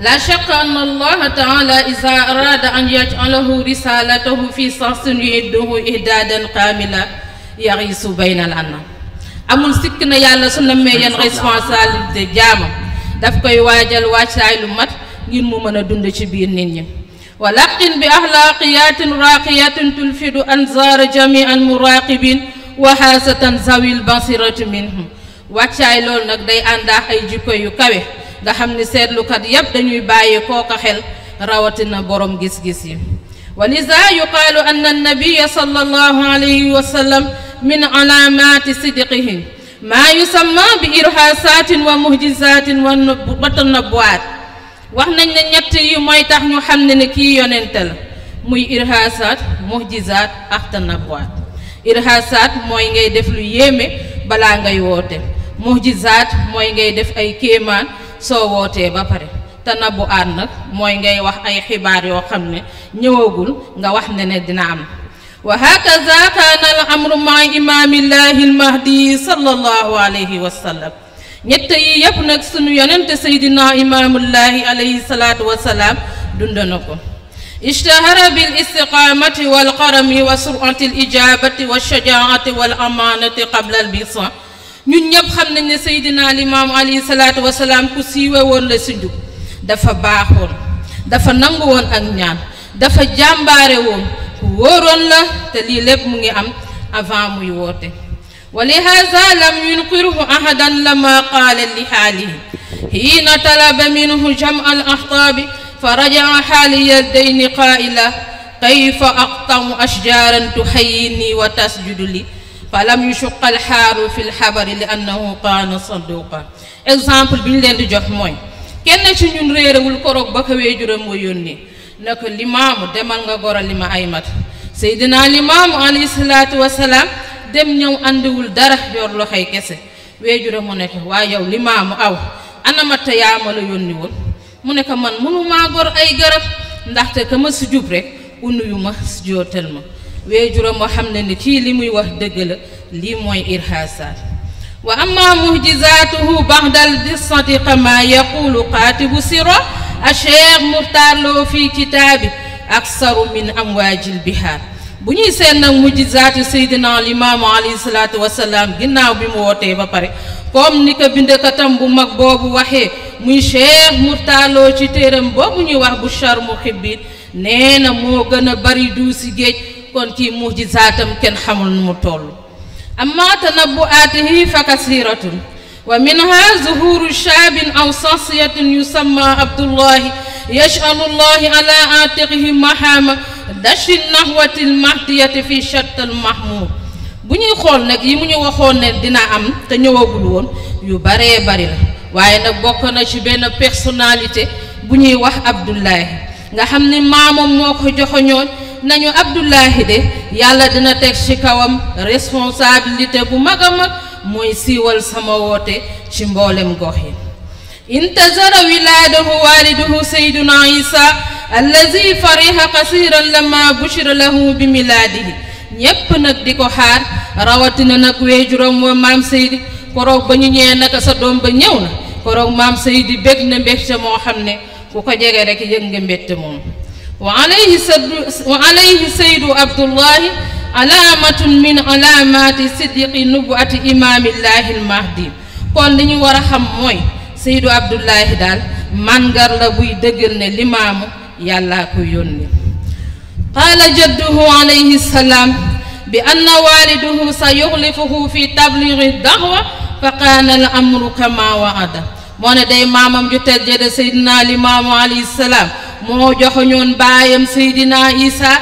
لا شك أن الله تعالى إذا أراد أن يجعله رسالته في صاص يده إهدادا قاملا يغيس بين الأنا أمون سكنا يا الله سنمي ينغيس فاسال دجام دفك يواجل واشاي لمت ينمو من دند شبير نيني ولكن بأخلاقيات راقية تلفد أنظار جميع المراقبين وحاسة زوي البصرة منهم wàccaay loolu nag day ànd ak ay jikko yu kawe nga xam ni seetlukat yépp dañuy bàyyi kooka xel rawatina borom gis-gis yi walisa yuqaalu anna annabiya sal allahu alayhi wa sallam min alaamati sidqihi maa yusamma bi irhasaatin wa muhjisaatin wa tanabbuwaat wax nañ ne ñett yi mooy tax ñu xam ne ne kii yonente la muy irhaasaat muhjisaat ak tanabbuwaat irhaasaat mooy ngay def lu yéeme balaa ngay woote muhjizaat mooy ngay def ay kéemaan soo wootee ba pare tanabu aat nag mooy ngay wax ay xibaar yoo xam ne ñëwagul nga wax ne ne dina am wa hakaza kaana al amru maa imaamillaahi al mahdi sallallahu alayhi wa sallam ñett yi yëpp nag sunu yonente seydina imaamullaahi alayhi salaatu wa salaam dund na ko اشتهر بالاستقامة والقرم وسرعة الإجابة والشجاعة والأمانة قبل البصر ñun ñëpp xam nañ ne Seydina Limaam alayhi salaatu wasalaam ku siiwe woon la si njub dafa baaxoon dafa nangu woon ak ñaan dafa jàmbaare woon ku wóoroon la te lii lépp mu ngi am avant muy woote wa lihaza lam yunqirhu ahadan lama qaala li xaalihi xiina talaba minhu jam al axtaabi fa rajaa xaaliya dayni qaa'ila kayfa aqtamu ashjaaran tuxayini wa tasjudu li فلم يشق alxaalu في الحبر لانه كان صدوقا اكزامبل exemple لين دي جوخ موي كين mooy نون ci ñun réerewul koroog ba ko weejuram wa yónni na ko nga goral lima ma ay mat seydinaa limaamu alayhi salaatu wasalaam dem ñëw àndiwul dara yor loxoy kesse weejuram mu ne ko waaye yow limam aw anama tayama la yónni woon mu ne ko man mënumaa gor ay garab ndaxte ka ma sujub rek unuyuma ma ma weejuram moo xam ne ni kii li muy wax dëgg la lii mooy irhaasaan wa amma muhjizaatuhu baxdal qissati kama yaqulu qaatibu sira acheikh muxtaar loo fii kitaabi aksaru min amwaajil bihaar bu ñuy seen nag mujizaatu seydina limaamu alayhi salaatu wasalaam ginnaaw bi mu wootee ba pare comme ni ko bindkatam bu mag boobu waxee muy cheikh muxtaar loo ci téeram boobu ñuy wax bu char muhibbin nee na moo gën a bari duusi géej kon kii mujjizaatam kenn xamul nu mu toll amma tanabbu'aatihi fa kasiratun wa minha zuhuru shaabin aw sansiyatin yusamma abdullahi yash'alu llahi ala aatiqihi mahama dashi nahwati lmahdiyati fi shatta almahmud bu ñuy xool nag yi mu ñu waxoon ne dina am te ñëwagul woon yu baree bari la waaye nag bokk na ci benn personnalité bu ñuy wax abdullahi nga xam ni maamam moo ko joxoñoon nañu Abdoulahi de yàlla dina teg ci kawam responsabilité bu mag a mag mooy siiwal sama woote ci mboolem gox yi intazara wilaadahu waaliduhu sayduna isa allazi fariha kasiran lama bushira lahu bi milaadihi ñépp nag di ko xaar rawatina nag weejuram wa maam seydi koroog ba ñu ñëwee naka sa doom ba ñëw na koroog maam seydi bég na mbégte moo xam ne ku ko jege rek yëg nga mbégte moom وعليه سد وعليه سيد عبد الله علامة من علامات صدق نبوة إمام الله المهدي كون دي ني ورا خام موي سيد عبد الله دال مانغار لا بوي دغل ني الامام يالا كو يوني قال جده عليه السلام بان والده سيغلفه في تبليغ الدعوه فكان الامر كما وعد مون دي مامام جو تجد سيدنا الامام عليه السلام moo joxoñoon baayam Seydina Isa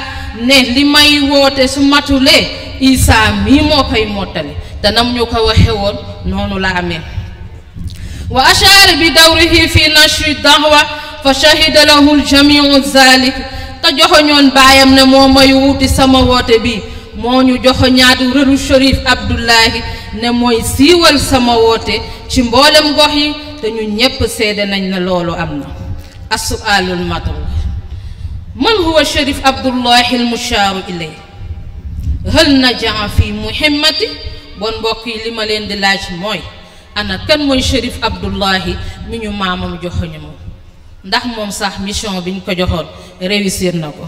ne li may woote su matulee Isa mii moo koy mottale te ñu ko waxe woon noonu la amee wa ashaara bi dawrihi fi nashri dahwa fa shahida lahu ljamiu zalik te joxoñoon baayam ne moo may wuuti sama woote bi moo ñu joxoñaatu rëru Chérif Abdoulahi ne mooy siiwal sama woote ci mboolem gox yi te ñu ñépp seede nañ ne loolu am na السؤال المطروح من هو الشريف عبد الله المشار إليه هل نجع في محمد بون بوكي لي مالين دي لاج موي انا كان موي شريف عبد الله مينو مامام جوخني مو ndax mom sax mission biñ ko joxone réussir nako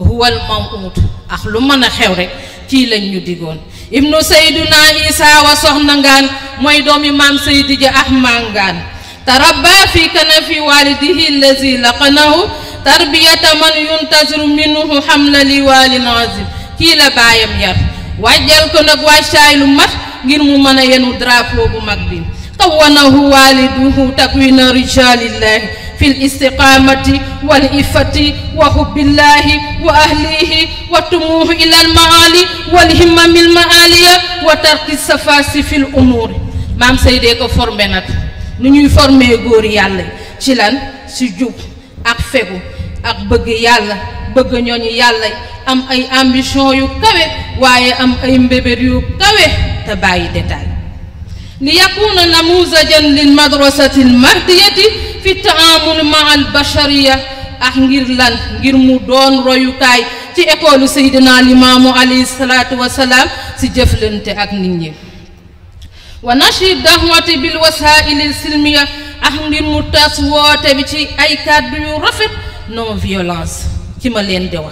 هو الموت اخ لو مانا خيو رك تي لا نيو ديغون ابن سيدنا عيسى وصحنا غان موي دومي مام سيدي جي احمان غان تربى في كنف والده الذي لقنه تربية من ينتظر منه حمل لوال عظيم كيلا بايم ير وجل كنك واشاي لمر غير ممن يندرا فوق مقبل طوانه والده تكوين رجال الله في الاستقامة والإفة وحب الله وأهله وطموح إلى المعالي والهمم المعالية وترك السفاس في الأمور مام سيدي سيديك فرمناك nous ñuy former góor yàlla ci lan ci jub ak fegu ak bëgg yàlla bëgg ñooñu yàlla am ay ambition yu kawe waaye am ay mbébét yu kawe te bàyyi détail li yakuna namuzajan lil madrasati al mahdiyati fi taamul ma al bashariya ak ngir lan ngir mu doon royukaay ci école Seydina Limaamu alayhi salaatu wasalaam si jëflante ak nit ñi ونشيد دهمتي بالوسائل السلمية أخمي متاس واتبتي أي كاد يرفق نو فيولانس كما لين دوا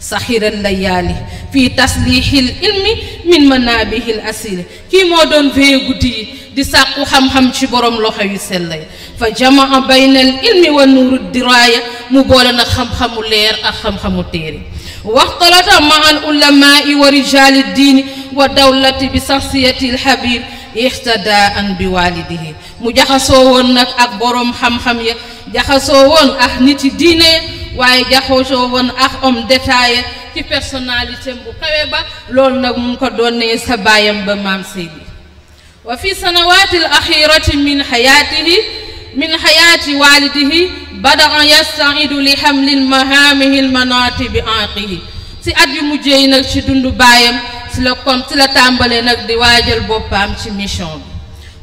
سحر الليالي في تسليح العلم من منابه الأسير كما دون في قدي دي ساقو حم حم تبرم لوحة يسلي فجمع بين العلم والنور الدراية مبولنا خم خم لير أخم خم تيري واختلط مع العلماء ورجال الدين ودولة بصخصية الحبيب ihtada an bi waalidihi mu jaxasoo woon nag ak boroom xam-xam ya jaxasoo woon ak niti diine waaye jaxasoo woon ak homme d'état ya ci personnalité bu kawe ba loolu nag mu ngi ko doonee sa baayam ba maam Seydi wa fi sanawati al axirati min xayaatihi min xayaati waalidihi badaa yastaidu li xamlin mahaamihi lmanatibi anqihi si at yu mujjee nag ci dundu baayam ci la comme ci la tàmbalee nag di waajal boppam ci mission bi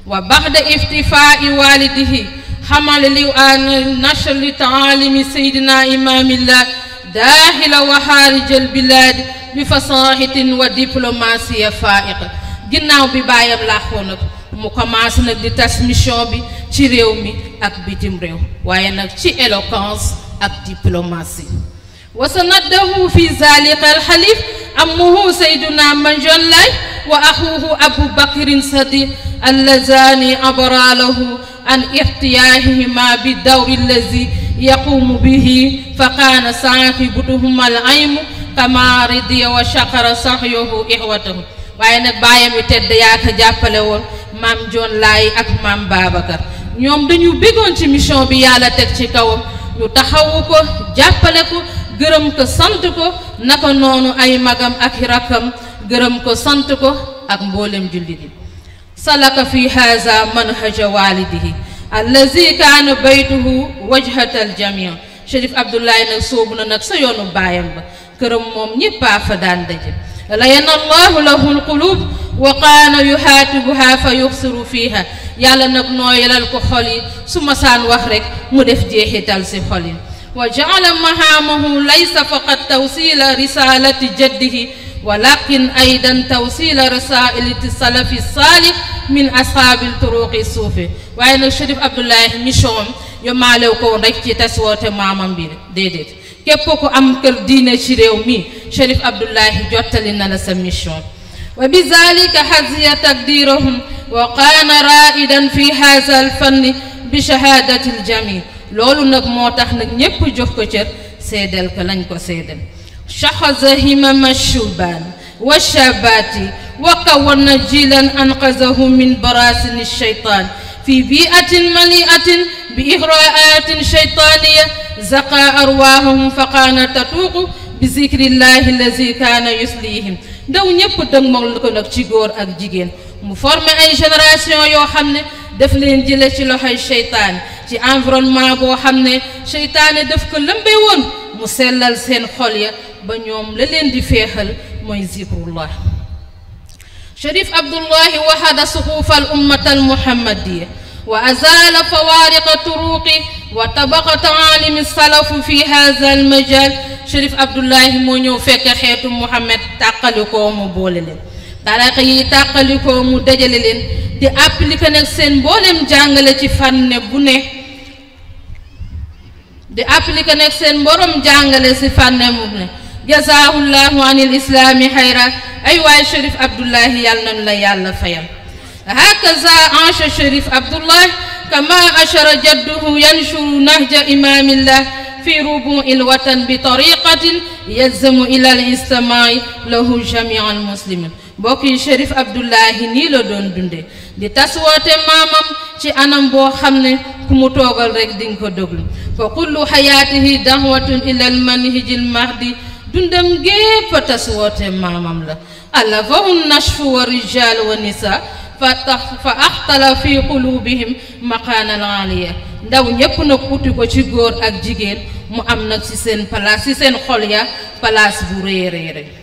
wa baxda iftifaa i waalidihi xamal li an nachali taalimi saydina imamillah daaxila wa xaarijal bilaadi bi fasaxitin wa diplomatie faiqa ginnaaw bi bàyyam laaxoo nag mu commencé nag di tas mission bi ci réew mi ak bitim réew waaye nag ci éloquence ak diplomatie وسنده في ذلك الحليف أمه سيدنا منجل الله وأخوه أبو بكر صديق اللذان أبرى له أن إحتياههما بالدور الذي يقوم به فكان صاحبهما العيم كما رضي وشكر صحيه إخوته وأنا بايم تد ياك جابلون مام جون لاي أك مام بابكر نيوم دنيو بيغون تي ميشون بيالا تك تي كاوم نيو تخاوكو جابلكو gërëm ko sant ko naka noonu ay magam ak rakkam gërëm ko sant ko ak mboolem jullit salaka fi haza manhaja walidihi allazi kaana baytuhu wajhat jamia Chérif Abdoulaye nag soobu na nag sa yoonu baayam ba këram moom ñëppaa fa daan daje layana allahu lahu alqulub wa kaana yuhaatibuha fa yuxsiru fiiha yàlla nag nooyalal ko xol yi su masaan wax rek mu def jeexital وجعل مهامه ليس فقط توصيل رسالة جده ولكن أيضا توصيل رسائل السلف الصالح من أصحاب الطرق الصوفي وأنا الشريف عبد الله مشون يوم علاو كون ريك تي تسوات ماما بي ديديت كيبوكو أم كر دين شريو شريف عبد الله جوتلنا لسا مشوم وبذلك حزي تقديرهم وكان رائدا في هذا الفن بشهادة الجميع lolou nak motax nak ñépp jox ko cër sédel ko lañ ko sédel shakhazahima mashuban wa shabati wa kawana jilan anqazahu min ash-shaytan fi bi'atin barasini shaytaan في بيئة مليئة بإغراءات شيطانية زقى أرواحهم فقان تتوق allazi kana yuslihim daw ñepp دو mo ko nak ci جيغور ak jigen مفرمي أي جنراسيون يو حمني دفلين جلتي لحي الشيطان جي أنفرون ما بو حمني شيطان دف كل بيون مسلل سين خولي بنيوم للين دي فيهل ميزيب الله شريف عبد الله وحد صفوف الأمة المحمدية وأزال فوارق طروق وطبقة عالم السلف في هذا المجال شريف عبد الله مونيو فك خيط محمد تقلكم بوللي tarixa yi tàqalikoo mu dajale leen di appliqué nag seen mboolem jàngale ci fànne bu ne di appliqué nag seen mborom jàngale si fànne bu ne jazaahullahu an il islaami xayra ay waay Cherif Abdoulahi yàlla nañu la yàlla fayal hakaza ancha Cherif Abdoulahi kama ashara jadduhu yanshuru nahja imaamillah في ربوع الوطن بطريقة يلزم إلى الاستماع له جميع المسلمين mbokk yi Chérif Abdoulahi nii la doon dunde di tas woote maamam ci anam boo xam ne ku mu toogal rek dinga ko déglu fa kullu xayaatihi dahwatun ilal manhijil mahdi dundam gépp a tas woote maamam la alla fahum nashfu wa rijal wa nisa fa tax fa axtala fi qulubihim maqaanal aaliya ndaw ñépp nag uti ko ci góor ak jigéen mu am nag ci seen palaas ci seen xol ya palaas bu réeréere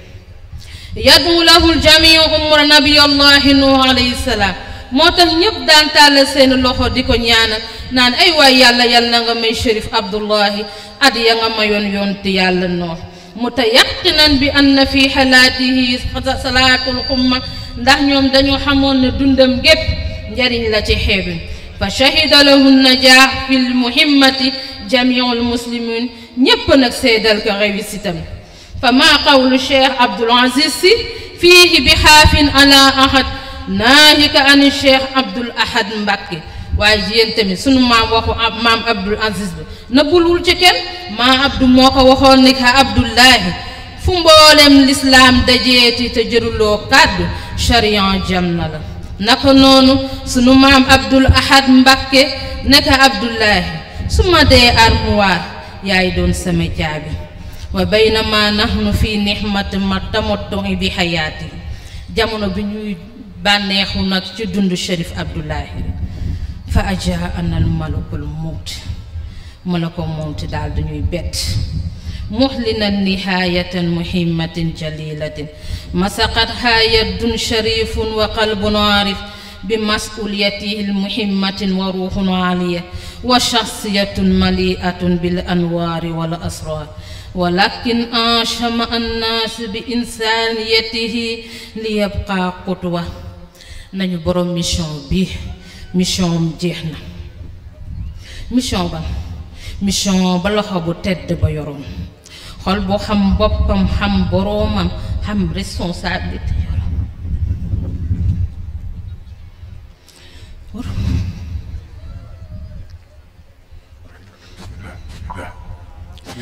يدعو له الجميع عمر نبي الله نوح عليه السلام موتاخ نيب دان تال سين لوخو ديكو نيان نان اي وا يالا يال نغا مي شريف عبد الله اد ياغا مايون يونت يالا نوح متيقنا بان في حالاته صلاه القمه ndax ñoom dañu xamoon ne dundam gépp njariñ la ci xéebi fa shahida lahu najah fi lmuhimmati jamiu lmuslimin ñépp nag seedal فما قول الشيخ عبد العزيز فيه بحاف على أحد ناهيك عن الشيخ عبد الأحد مبكي وأجين تمي سنو ما وخو أب مام عبد العزيز نقولول تكن ما عبد موكا وخو نكا عبد الله فمبولم الإسلام دجيتي تجرو لو قد شريان جمنال نكونونو سنو مام عبد الأحد مبكي نكا عبد الله سما دي أرموار يايدون سمي جابي وبينما نحن في نعمة ما بحياتي جمعنا بي نيو بانيخو الشريف عبد الله أن الملك الموت ملك الموت دال دنيوي بيت محلنا نهاية مهمة جليلة مسقت هاية شريف وقلب عارف بمسؤوليته المهمة وروح عالية وشخصية مليئة بالأنوار والأسرار sama ولكن أنشم الناس بإنسانيته ليبقى wa nañu boroom mission bi mission jeex na mission ba mission ba loxo bu tedd ba yoroon xol bu xam boppam xam boroomam xam responsabilité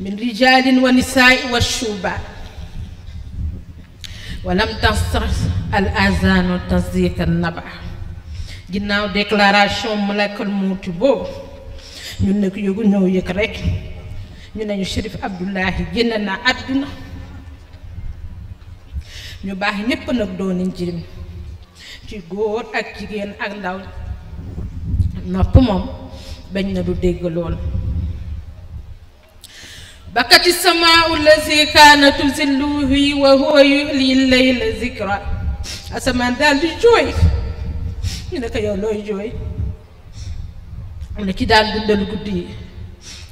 من رجال ونساء والشوبان ولم تنصر الأذان تصديق النبع ginnaaw déclaration malakal muuti boobu ñun nag yëgu ñëw yëg rek ñu ne ñu Chérif Abdoulaye génn na àdduna ñu baax ñépp nag dooni njirim ci góor ak jigéen ak ndaw nopp moom bañ na du dégg lool بكت السماء الذي كان تزلوه وهو يؤلي الليل ذكرى أسمان دال الجوي إنك يا الله جوي إنك دال دندل قدي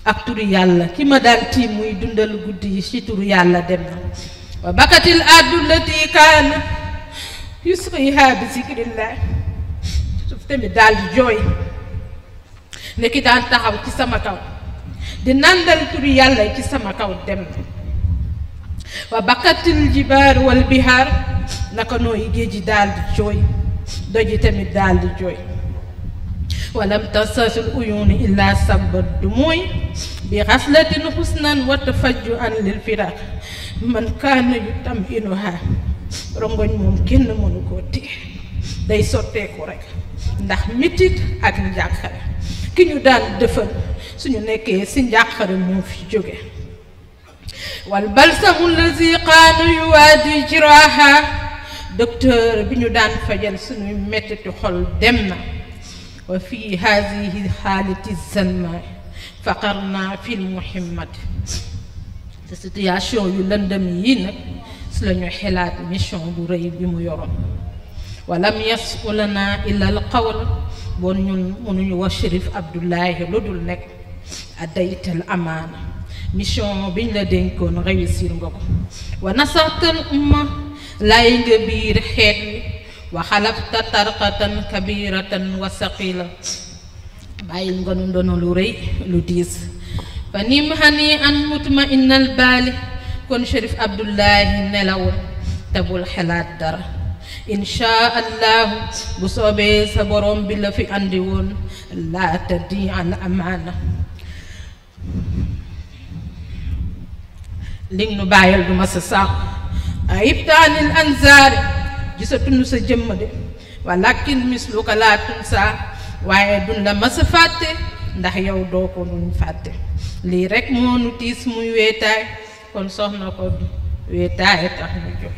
أكتر يالا كما دال تيموي دندل قدي شتر يالا دم وبكت الأرض التي كان يسقيها بذكر الله شفتني دال جوي نكي دال تحاو كي سما di nandal turu yàlla ci sama kaw dem wa baqatil jibaar wal bihaar naka nooy géej daal di jooy doji tamit daal di jooy ولم تسس العيون إلا سب الدموع بغفلة حسنا وتفجعا للفراق من كان يتمئنها rongoñ moom kenn mënu koo téye day sotteeku rek ndax mitit ak njàqare ki ñu daan dëfal suñu nekké ci njàqare mo fi joggé wal walbalsamu lazi qaanu yuwaadi jiraha docteur biñu ñu daan fajal suñuy mettitu xol demna wa fi hadhihi halati zanma faqarna fi lmuhimmad ta situation yu lëndëm yi nak su lañu ñu xelaat mission bu reuy bi mu yoro ولم يسقلنا إلا القول بون bon ñun mënuñu wax Chérif Abdoulaye lu dul أديت الأمانة mission بين لدينكم réussir نغوكو ونصرت الأمة لا يكبير خير وخلفت طرقة كبيرة وثقيلة بايل نغنون دونو لوري لوديس فنيم هنيئا مطمئن البال كون شريف عبد الله نلاول تبول حلات دار insha allah bu soobee sa borom bi la fi andi woon laa taddi al amaana li nu bàyyal du ma sa sàkku ayib taanil anzaari gisatuñu sa jëmm de walakin misluka laa tunsaa waaye duñ a mas a fàtte ndax yow doo ko nuñ fàtte lii rekk moo nu tiis muy weetaay kon soxna ko du weetaay tax ñu